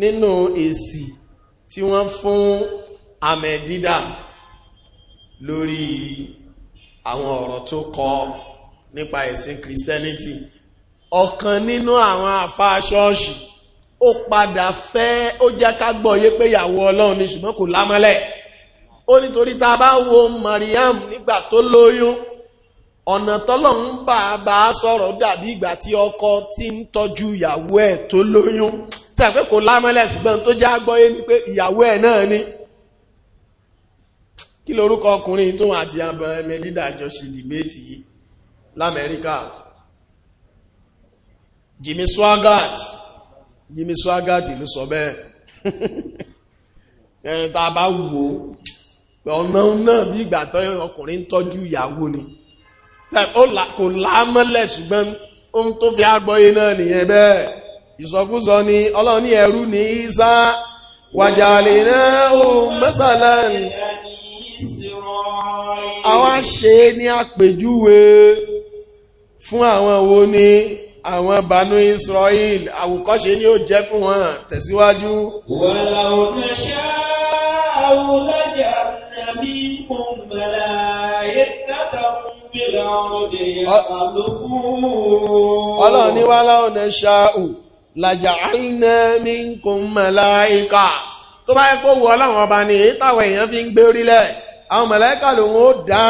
nínú èsì tí wọ́n fún amẹ́dídà lórí àwọn ọ̀rọ̀ tó kọ nípa ẹ̀sìn Christianity ọ̀kan nínú àwọn àfáà ṣọ́ọ̀ṣì ó padà fẹ́ ó jẹ́ ká gbọ́ yé pé ìyàwó ọlọ́run ni ṣùgbọ́n kò lámọ́lẹ̀ ó nítorí ta bá wo Mariam nígbà tó lóyún ọ̀nà tọ́lọ́run bá bá sọ̀rọ̀ dàbí ìgbà tí ọkọ ti ń tọ́jú ìyàwó ẹ̀ tó lóyún tí a pé kò lámọ́lẹ̀ ṣùgbọ́n tó já gbọ́ yé ni pé ìyàwó ẹ̀ náà ni kí lorúkọ ọkùnrin tó àti abẹ̀rẹ̀ mẹ́lídà jọ ṣe dìbéètì yìí lamẹ́ríkà Jimmy Swaggart Jimmy Swaggart ló sọ bẹ́ẹ̀ ẹ̀rìn tá a bá wò ọ̀nà náà bí ìgbà tó ọkùnrin tọ́jú ìyàwó ni kò lámọ́lẹ̀ ṣùgbọ́n ohun tó fi agbọ́yé náà nìyẹn bẹ́ẹ̀ ìsọkúsọ ni ọlọ́run ní ní ìsá wàjàlè náà ó mẹ́sàlá àwọn Banu Israel àwòkọ́ṣe ni ó jẹ́ fún wọn tẹ̀síwájú Ọlọ́run ní wá láwọn ọ̀nà ṣáàù laja'alna minkum màláíkà tó bá yẹ kó wù Ọlọ́run ọba ní ètàwọ̀ èèyàn fi ń gbé orílẹ̀ àwọn màláíkà lòun ó dá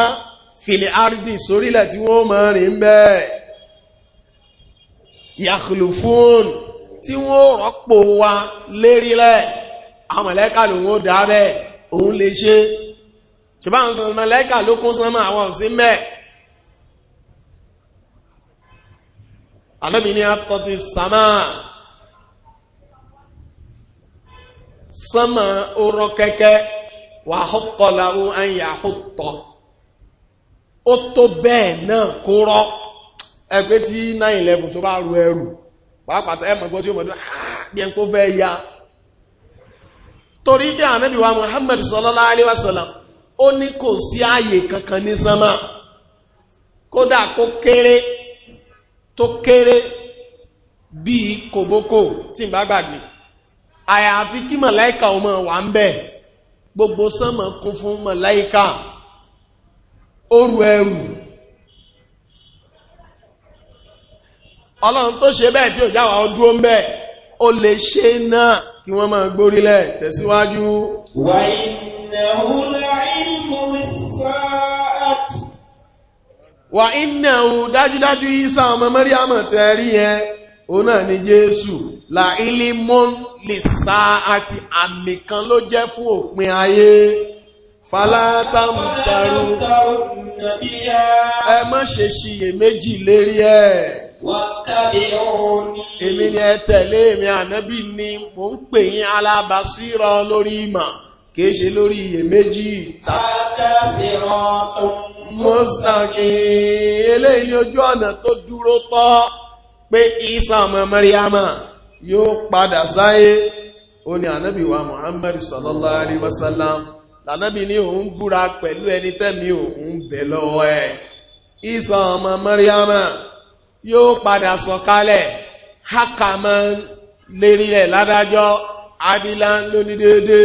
fìlì àrídì sórílẹ̀ tí wọ́n mọ̀ rìn bẹ́ẹ̀ yàkùlùfún tí wọ́n rọ́pò wa lérílẹ̀ àmọ̀lẹ́kà ló wọ́n dá bẹ́ẹ̀ òun lè ṣe ṣùgbọ́n àwọn sọ̀rọ̀ mọ̀lẹ́kà ló kún sánmà àwọn òsín mẹ́ anábì ní àtọ́tí sánmà sánmà ó kẹ́kẹ́ wà hókọ̀ làwọn àyà hótọ̀ ó tó bẹ́ẹ̀ náà kó rọ́ ẹgbẹ́ tí 9-11 tó bá rú ẹrù pàápàá ẹmọ̀gbọ́ tí ó mọ̀dún ah, bí ẹn fẹ́ ya torí dẹ́ ànábì wa Muhammad sallallahu alaihi wasallam ó ní kò sí ààyè kankan ní sánmà kódà kó kéré tó kéré bí kòbókò tí ń bá gbàgbé àyàfi kí màláíkà ọmọ wà ń bẹ̀ gbogbo sánmà kún fún màláíkà ó rú ẹrù ọlọ́run tó ṣe bẹ́ẹ̀ tí ò jáwà ó dúró ń bẹ́ẹ̀ ó lè ṣe náà kí wọ́n máa gbórílẹ̀ tẹ̀síwájú wa innahu la'ilmu lis-sa'ati wa innahu dájúdájú Isa ọmọ Màríàmù tẹ́rí yẹn ó náà ni Jésù la'ilmu lis-sa'ati àmì kan ló jẹ́ fún òpin ayé falátàmùtàrù ẹ má ṣe ṣiyèméjì lérí ẹ̀ èmi ni ẹ tẹ̀lé èmi ànábì ni mo ń pè yín alábàásírọ lórí ìmọ̀ kìí ṣe lórí iyèméjì tàbíàsírọ mọ́sàkì eléyìí ojú ọ̀nà tó dúró tọ́ pé isa ọmọ mẹ́ríàmà yóò padà sáyé ó ní muhammad sallallahu alaihi wasallam òun búra pẹ̀lú ẹni tẹ́mi òun bẹ̀ lọ́wọ́ ẹ̀ ọmọ mẹ́ríàmà yóò padà sọ̀kalẹ̀ hákàmọ́ lérí rẹ̀ ládájọ́ adílá déédé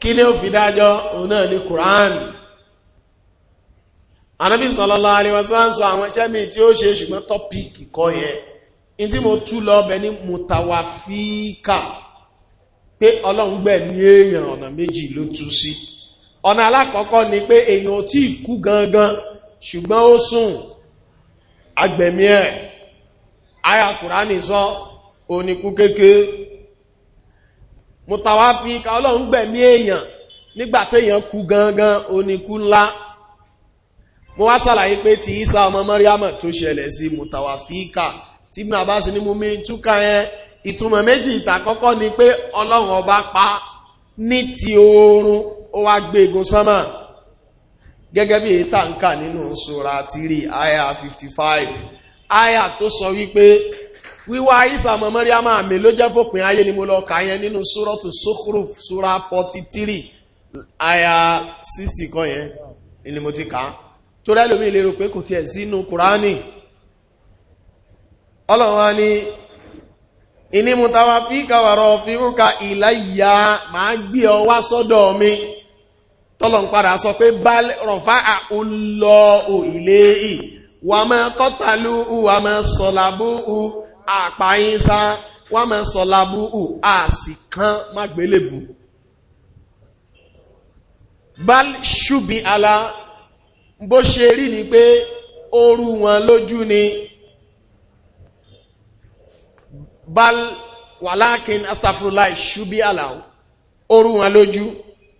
kí ni ó fi dájọ́ òun náà ni Quran anábì sallallahu alaihi àwọn iṣẹ́ mi tí ó ṣe ṣùgbọ́n tọ́pìkì kọ́ yẹ in tí mo tú lọ ní ọ̀nà alákọ̀ọ́kọ́ ni pé èyàn ò tí kú gangan ṣùgbọ́n ó sùn agbẹ̀mí ẹ̀ àyà kùránì sọ oníkú kéèké mùtàwà fi ká ọlọ́run gbẹ̀mí èyàn nígbàtí èyàn kú gangan oníkú ńlá mo wá sàlàyé pé ti isa ọmọ mọ́ríámà tó ṣẹlẹ̀ sí mùtàwà fi ká tí mi àbá sí ní mú mi túká yẹn ìtumọ̀ méjì ìtàkọ́kọ́ ni pé ọlọ́run ọba pa ní ti oorun ó wá gbé egun sánmà gẹ́gẹ́ bí èyí tà nínú ṣòra àyà 55 àyà tó sọ wípé wíwá isa mọ̀mọ́ríámà mi ló jẹ́ fòpin ayé ni mo lọ kà nínú ṣúrọ́tù ṣókúrò ṣúra 43 àyà 60 kan yẹn ni mo ti kà á tó rẹ́ lómi lérò pé kò tiẹ̀ sínú kùránì ọlọ́run á ní ìní gbé ọ wá sọ́dọ̀ mi tọ́lọ̀ ń padà sọ pé rọ̀fá àúlọ ilé ì wà mọ́ kọ́tàlú wà mọ́ sọ̀làbú àpáyínsá wà mọ́ sọ̀làbú àsìkán mágbélébù bal ṣùbí ala bó ṣe rí ni pé orú wọn lójú ni bal wàlákin astafrula ṣùbí ala oru wọn lójú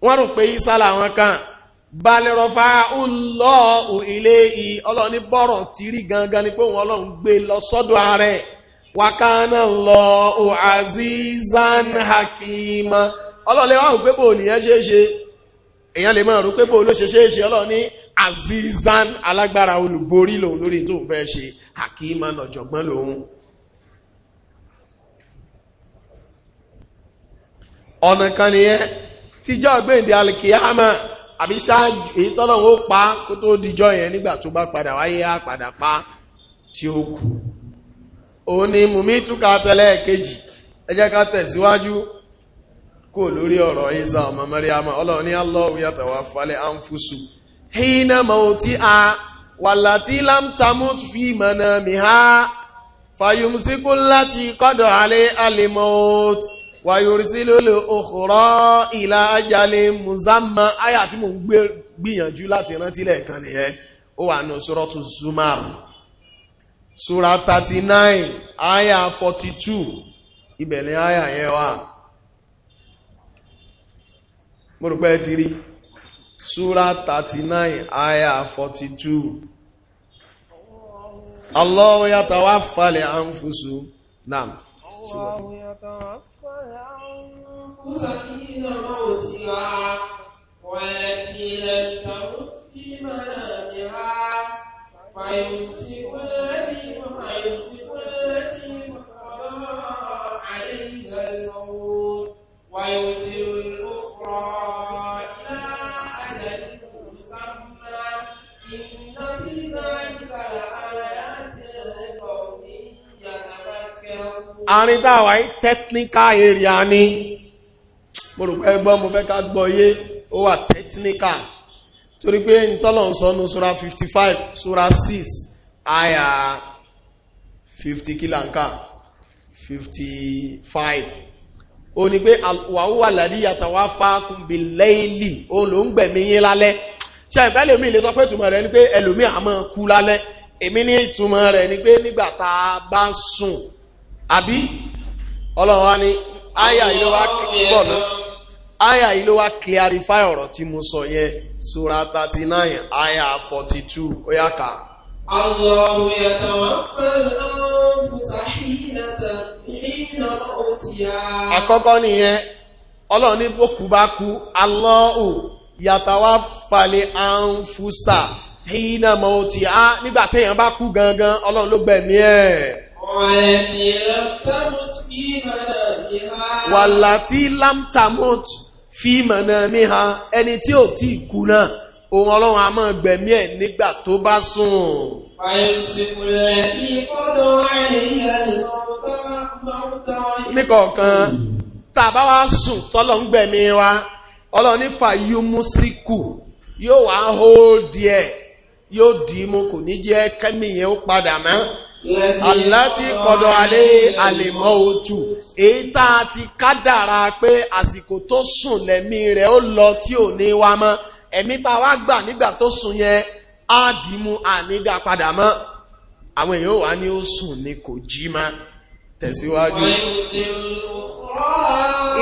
wọ́n rò pé isa làwọn kan balẹ̀rọ̀fà ọlọ́ ilé i ọlọ́run ní bọ́rọ̀ ti rí gangan ni pé òun ọlọ́run gbé lọ sọ́dọ̀ ààrẹ wakana lọ o azizan hakima onye pé ṣe é ṣe èèyàn lè máa pé ṣe ṣe é ṣe tíjọ́ gbèǹde alìkìyàmà àbí ṣáájú èyí tọ́lọ́run ó pa kó tó dijọ́ yẹn nígbà tó bá padà wáyé á padà pa tí ó kù òun ni mùmí túkà tẹ́lẹ̀ kejì ẹ jẹ́ ká tẹ̀síwájú kó lórí ọ̀rọ̀ Isa ọmọ Maryama ọlọ́run ní Allahu yatawaffal anfusu hina mawtiha wàlàtí lámtamut fi wàyòrísílólè òkúrọ́ ìlà ajalè mùsàmà ayà tí mo gbìyànjú láti rántí lẹ́ẹ̀kan nìyẹn ó wà ní ṣúrọ́tù zumar ṣúra 39 ayà 42 ìbẹ̀lẹ̀ ayà yẹn wà mọ́rùpẹ́ ti rí ṣúra 39 ayà 42 Allah yàtàwà falẹ̀ àǹfùsù náà. Allah yàtàwà 不要忽视你的母亲啊，为了你的母亲妈妈，不要只顾自己，不要只顾自己，不要爱得不够，不要只顾乌克兰，爱得不够，咱们听那伟大的爱。àárín táwà yí technical area ni mo rò pé gbọ́ mo fẹ́ ká gbọ́ yé ó wà technical torí pé ìtọ́lọ̀ ń sọ́nu sura 55 sura 6 àyà 50 kìláǹkà 55 ó ní pé wàhúwà làdí yàtàwà fákùn bí lẹ́ìlì ó ló ń gbẹ̀mí yín lálẹ́ ṣe ìfẹ́ lèmi lè sọ pé ìtumọ̀ rẹ̀ ni pé ẹlòmí àmọ́ kú lálẹ́ èmi ní ìtumọ̀ rẹ̀ ni pé nígbà bá sùn àbí ọlọ́run wa ni wá náà clarify ọ̀rọ̀ tí mo sọ yẹn sura 39 nine 42 forty ká. àkọ́kọ́ nìyẹn ọlọ́run ní bókú bá kú Allahu yàtàwá falẹ̀ àǹfùsà á nígbà téèyàn bá kú gangan ọlọ́run ló gbẹ̀mí ẹ̀. wàlàtí lamtamot fi mọ̀nà mi ha ẹni tí ò tí ì kú náà ohun ọlọ́run a máa gbẹ̀mí ẹ̀ nígbà tó bá sùn. níkọ̀ọ̀kan tá a sùn tọ́lọ̀ ń gbẹ̀mí wa ọlọ́run nífà yumusiku yóò wá hó díẹ̀ yóò dì í mú kò ní jẹ́ kẹ́mìyẹn ó padà mọ́ aláti kọ̀dọ̀ alẹ́ àlèmọ́ ojú èyí tá a ti kádàrá pé àsìkò tó sùn lẹ́mí rẹ̀ ó lọ tí ò ní wá mọ́ ẹ̀mí tá a wá gbà nígbà tó sùn yẹn á dìímú ànídà padà mọ́ àwọn èèyàn wà ní ó sùn ní kò jí mọ́ tẹ̀síwájú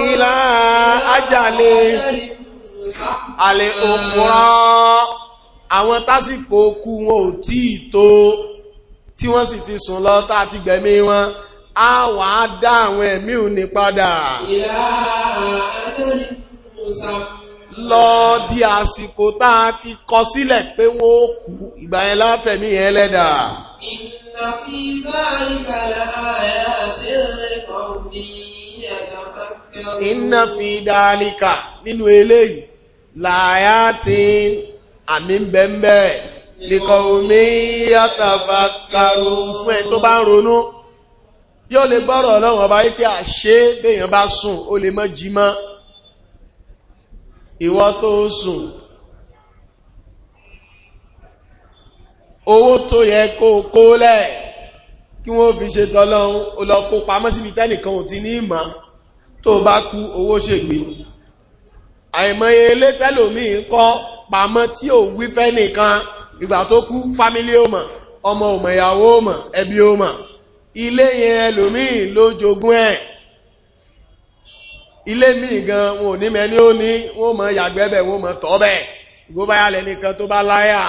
ìlà ajalè alẹ́ òkúrọ́ àwọn tásìkò kú wọn ò tí ì tó tí wọ́n sì ti sùn lọ tá a ti gbẹ̀mí wọn á wà á dá àwọn ẹ̀mí òní padà lọ di àsìkò tá a ti kọ sílẹ̀ pé wọ́n ó kú ìgbà yẹn láfẹ̀mí yẹn lẹ́dà. ìnà fi báyìí kàlà àyà àti nínú eléyìí làyà tí àmì ń bẹ́ẹ̀ bẹ́ẹ̀ lìkọ̀ omi yàtàfà kàrò fún ẹ tó bá ń ronú yóò lè gbọ́rọ̀ ọlọ́run ọba wípé àṣé béèyàn bá sùn ó lè mọ́ jí mọ́ ìwọ tó sùn owó tó yẹ kó kó lẹ̀ kí wọ́n fi ṣe tọ́lọ́run ó lọ kó pamọ́ síbi tẹ́nìkan ò ti ní ìmọ̀ tó bá kú owó ṣègbè àìmọye ilé fẹ́lòmíì ń kọ́ pamọ́ tí ò wí fẹ́ nìkan ìgbà tó kú fámílì ọmọ ọmọ ọmọ ìyàwó ọmọ ẹbí ọmọ ilé yẹn ẹlòmíì ló jogún ẹ̀ ilé míì gan wọn ò ní mẹ́ni ó ní wọ́n mọ̀ yàgbẹ́bẹ̀ wọ́n mọ̀ tọ́bẹ̀ gbóbáyà lẹ́nìkan tó bá láyà